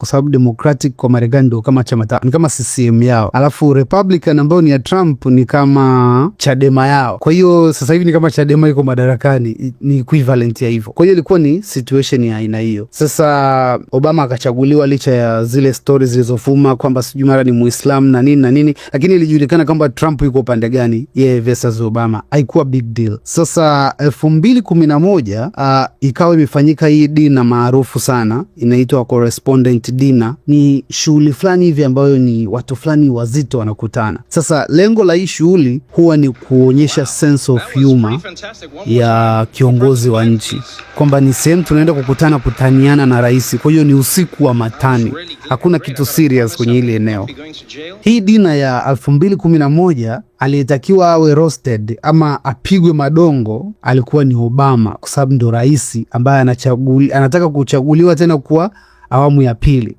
kwa sababu Democratic kwa Marekani ndio kama chama tawala, ni kama CCM yao, alafu Republican ambayo ni ya Trump ni kama Chadema yao. Kwa hiyo sasa hivi ni kama Chadema iko madarakani, ni equivalent ya hivyo. Kwa hiyo ilikuwa ni situation ya aina hiyo. Sasa Obama akachaguliwa licha ya zile stories zilizofuma kwamba sijui mara ni muislam na nini na nini, lakini ilijulikana kwamba Trump yuko upande gani yeye, yeah, versus Obama, haikuwa big deal. Sasa elfu mbili kumi na moja uh, ikawa imefanyika hii dina maarufu sana inaitwa correspondent dina ni shughuli fulani hivi ambayo ni watu fulani wazito wanakutana. Sasa lengo la hii shughuli huwa ni kuonyesha wow, sense of humor ya kiongozi wa nchi kwamba ni sehemu tunaenda kukutana kutaniana na rais. Kwa hiyo ni usiku wa matani, hakuna kitu serious kwenye ile eneo. Hii dina ya 2011 aliyetakiwa awe roasted ama apigwe madongo alikuwa ni Obama, kwa sababu ndo rais ambaye anataka kuchaguliwa tena kuwa awamu ya pili.